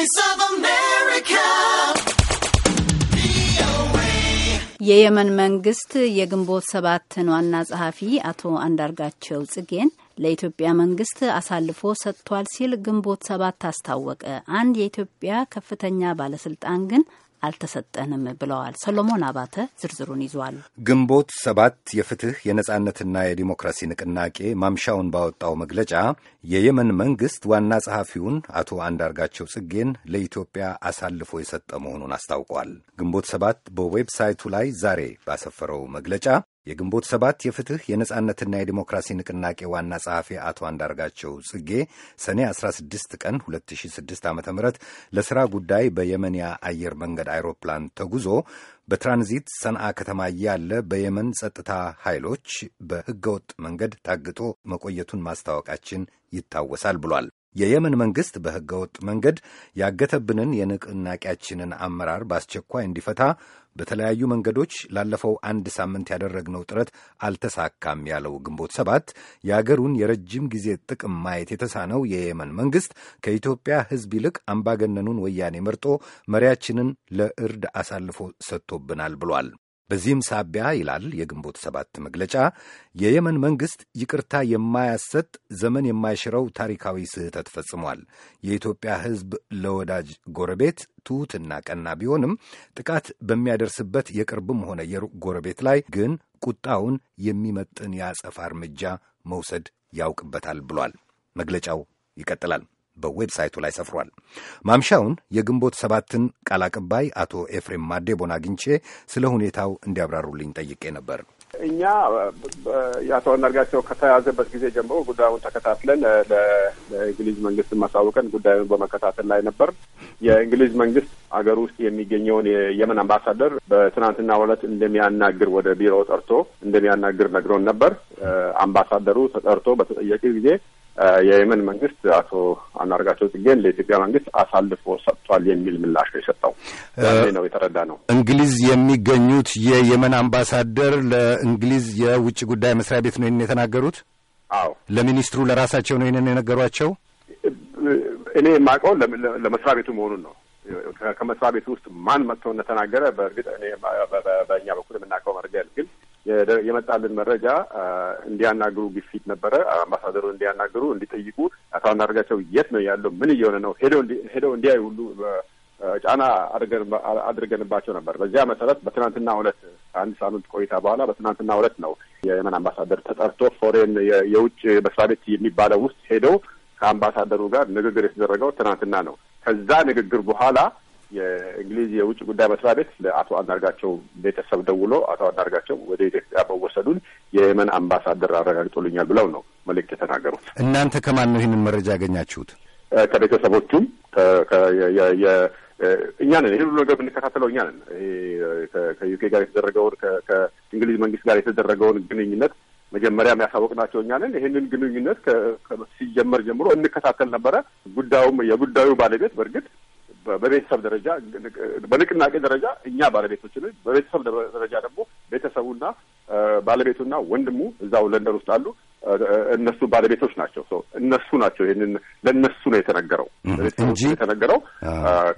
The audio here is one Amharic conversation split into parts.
Voice of America. የየመን መንግስት የግንቦት ሰባትን ዋና ጸሐፊ አቶ አንዳርጋቸው ጽጌን ለኢትዮጵያ መንግስት አሳልፎ ሰጥቷል ሲል ግንቦት ሰባት አስታወቀ። አንድ የኢትዮጵያ ከፍተኛ ባለስልጣን ግን አልተሰጠንም ብለዋል። ሰሎሞን አባተ ዝርዝሩን ይዟል። ግንቦት ሰባት የፍትህ የነጻነትና የዲሞክራሲ ንቅናቄ ማምሻውን ባወጣው መግለጫ የየመን መንግስት ዋና ጸሐፊውን አቶ አንዳርጋቸው ጽጌን ለኢትዮጵያ አሳልፎ የሰጠ መሆኑን አስታውቋል። ግንቦት ሰባት በዌብሳይቱ ላይ ዛሬ ባሰፈረው መግለጫ የግንቦት ሰባት የፍትህ የነጻነትና የዲሞክራሲ ንቅናቄ ዋና ጸሐፊ አቶ አንዳርጋቸው ጽጌ ሰኔ 16 ቀን 2006 ዓ ም ለሥራ ጉዳይ በየመን የአየር መንገድ አይሮፕላን ተጉዞ በትራንዚት ሰንዓ ከተማ እያለ በየመን ጸጥታ ኃይሎች በሕገወጥ መንገድ ታግቶ መቆየቱን ማስታወቃችን ይታወሳል ብሏል። የየመን መንግሥት በሕገ ወጥ መንገድ ያገተብንን የንቅናቄያችንን አመራር በአስቸኳይ እንዲፈታ በተለያዩ መንገዶች ላለፈው አንድ ሳምንት ያደረግነው ጥረት አልተሳካም ያለው ግንቦት ሰባት የአገሩን የረጅም ጊዜ ጥቅም ማየት የተሳነው የየመን መንግሥት ከኢትዮጵያ ሕዝብ ይልቅ አምባገነኑን ወያኔ መርጦ መሪያችንን ለእርድ አሳልፎ ሰጥቶብናል ብሏል። በዚህም ሳቢያ ይላል የግንቦት ሰባት መግለጫ የየመን መንግሥት ይቅርታ የማያሰጥ ዘመን የማይሽረው ታሪካዊ ስህተት ፈጽሟል። የኢትዮጵያ ሕዝብ ለወዳጅ ጎረቤት ትሑትና ቀና ቢሆንም ጥቃት በሚያደርስበት የቅርብም ሆነ የሩቅ ጎረቤት ላይ ግን ቁጣውን የሚመጥን የአጸፋ እርምጃ መውሰድ ያውቅበታል ብሏል። መግለጫው ይቀጥላል። በዌብሳይቱ ላይ ሰፍሯል። ማምሻውን የግንቦት ሰባትን ቃል አቀባይ አቶ ኤፍሬም ማዴቦን አግኝቼ ስለ ሁኔታው እንዲያብራሩልኝ ጠይቄ ነበር። እኛ የአቶ አንዳርጋቸው ከተያዘበት ጊዜ ጀምሮ ጉዳዩን ተከታትለን ለእንግሊዝ መንግስት ማሳወቀን ጉዳዩን በመከታተል ላይ ነበር። የእንግሊዝ መንግስት አገር ውስጥ የሚገኘውን የየመን አምባሳደር በትናንትና ዕለት እንደሚያናግር ወደ ቢሮ ጠርቶ እንደሚያናግር ነግሮን ነበር። አምባሳደሩ ተጠርቶ በተጠየቀ ጊዜ የየመን መንግስት አቶ አንዳርጋቸው ጽጌን ለኢትዮጵያ መንግስት አሳልፎ ሰጥቷል የሚል ምላሽ ነው የሰጠው። ነው የተረዳ ነው። እንግሊዝ የሚገኙት የየመን አምባሳደር ለእንግሊዝ የውጭ ጉዳይ መስሪያ ቤት ነው ይን የተናገሩት? አዎ። ለሚኒስትሩ ለራሳቸው ነው ይህንን የነገሯቸው? እኔ የማውቀው ለመስሪያ ቤቱ መሆኑን ነው። ከመስሪያ ቤቱ ውስጥ ማን መጥቶ እንደተናገረ በእርግጥ እኔ በእኛ በኩል የመጣልን መረጃ እንዲያናግሩ ግፊት ነበረ። አምባሳደሩ እንዲያናግሩ፣ እንዲጠይቁ አቶ አንዳርጋቸው የት ነው ያለው? ምን እየሆነ ነው? ሄደው እንዲያይ ሁሉ ጫና አድርገንባቸው ነበር። በዚያ መሰረት በትናንትና ሁለት አንድ ሳምንት ቆይታ በኋላ በትናንትና ሁለት ነው የየመን አምባሳደር ተጠርቶ ፎሬን የውጭ መስሪያ ቤት የሚባለው ውስጥ ሄደው ከአምባሳደሩ ጋር ንግግር የተደረገው ትናንትና ነው። ከዛ ንግግር በኋላ የእንግሊዝ የውጭ ጉዳይ መስሪያ ቤት ለአቶ አንዳርጋቸው ቤተሰብ ደውሎ አቶ አንዳርጋቸው ወደ ኢትዮጵያ መወሰዱን የየመን አምባሳደር አረጋግጦልኛል ብለው ነው መልእክት የተናገሩት። እናንተ ከማን ነው ይህንን መረጃ ያገኛችሁት? ከቤተሰቦቹም እኛ ነን። ይህን ሁሉ ነገር የምንከታተለው እኛ ነን። ከዩኬ ጋር የተደረገውን ከእንግሊዝ መንግስት ጋር የተደረገውን ግንኙነት መጀመሪያም ያሳወቅናቸው እኛ ነን። ይህንን ግንኙነት ሲጀመር ጀምሮ እንከታተል ነበረ። ጉዳዩም የጉዳዩ ባለቤት በእርግጥ በቤተሰብ ደረጃ በንቅናቄ ደረጃ እኛ ባለቤቶችን፣ በቤተሰብ ደረጃ ደግሞ ቤተሰቡና ባለቤቱና ወንድሙ እዛው ለንደን ውስጥ አሉ። እነሱ ባለቤቶች ናቸው። እነሱ ናቸው ይህንን ለእነሱ ነው የተነገረው እንጂ የተነገረው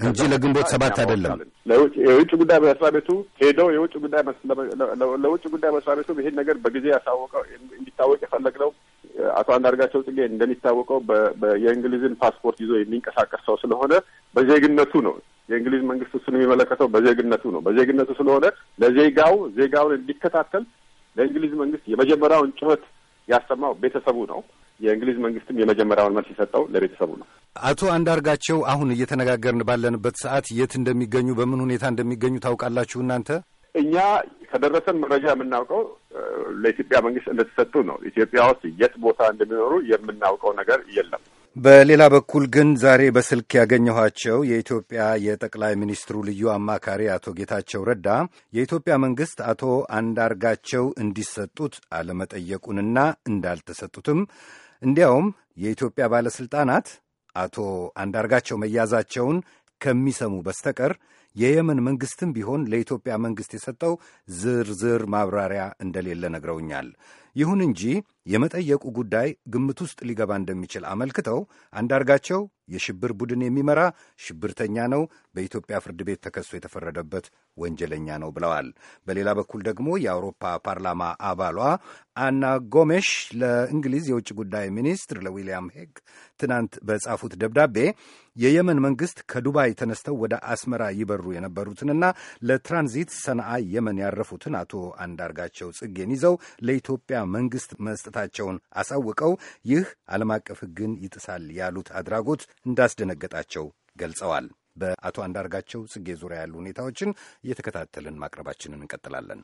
እንጂ ለግንቦት ሰባት አይደለም። የውጭ ጉዳይ መስሪያ ቤቱ ሄደው የውጭ ጉዳይ ለውጭ ጉዳይ መስሪያ ቤቱ ይሄን ነገር በጊዜ ያሳወቀው እንዲታወቅ የፈለግነው አቶ አንዳርጋቸው ጽጌ እንደሚታወቀው የእንግሊዝን ፓስፖርት ይዞ የሚንቀሳቀስ ሰው ስለሆነ በዜግነቱ ነው። የእንግሊዝ መንግስት እሱን የሚመለከተው በዜግነቱ ነው። በዜግነቱ ስለሆነ ለዜጋው ዜጋውን እንዲከታተል ለእንግሊዝ መንግስት የመጀመሪያውን ጩኸት ያሰማው ቤተሰቡ ነው። የእንግሊዝ መንግስትም የመጀመሪያውን መልስ የሰጠው ለቤተሰቡ ነው። አቶ አንዳርጋቸው አሁን እየተነጋገርን ባለንበት ሰዓት የት እንደሚገኙ፣ በምን ሁኔታ እንደሚገኙ ታውቃላችሁ እናንተ? እኛ ከደረሰን መረጃ የምናውቀው ለኢትዮጵያ መንግስት እንደተሰጡ ነው። ኢትዮጵያ ውስጥ የት ቦታ እንደሚኖሩ የምናውቀው ነገር የለም። በሌላ በኩል ግን ዛሬ በስልክ ያገኘኋቸው የኢትዮጵያ የጠቅላይ ሚኒስትሩ ልዩ አማካሪ አቶ ጌታቸው ረዳ የኢትዮጵያ መንግስት አቶ አንዳርጋቸው እንዲሰጡት አለመጠየቁንና እንዳልተሰጡትም እንዲያውም የኢትዮጵያ ባለሥልጣናት አቶ አንዳርጋቸው መያዛቸውን ከሚሰሙ በስተቀር የየመን መንግስትም ቢሆን ለኢትዮጵያ መንግስት የሰጠው ዝርዝር ማብራሪያ እንደሌለ ነግረውኛል። ይሁን እንጂ የመጠየቁ ጉዳይ ግምት ውስጥ ሊገባ እንደሚችል አመልክተው አንዳርጋቸው የሽብር ቡድን የሚመራ ሽብርተኛ ነው፣ በኢትዮጵያ ፍርድ ቤት ተከሶ የተፈረደበት ወንጀለኛ ነው ብለዋል። በሌላ በኩል ደግሞ የአውሮፓ ፓርላማ አባሏ አና ጎሜሽ ለእንግሊዝ የውጭ ጉዳይ ሚኒስትር ለዊልያም ሄግ ትናንት በጻፉት ደብዳቤ የየመን መንግስት ከዱባይ ተነስተው ወደ አስመራ ይበሩ ሲያበሩ የነበሩትንና ለትራንዚት ሰንዓ የመን ያረፉትን አቶ አንዳርጋቸው ጽጌን ይዘው ለኢትዮጵያ መንግስት መስጠታቸውን አሳውቀው ይህ ዓለም አቀፍ ሕግን ይጥሳል ያሉት አድራጎት እንዳስደነገጣቸው ገልጸዋል። በአቶ አንዳርጋቸው ጽጌ ዙሪያ ያሉ ሁኔታዎችን እየተከታተልን ማቅረባችንን እንቀጥላለን።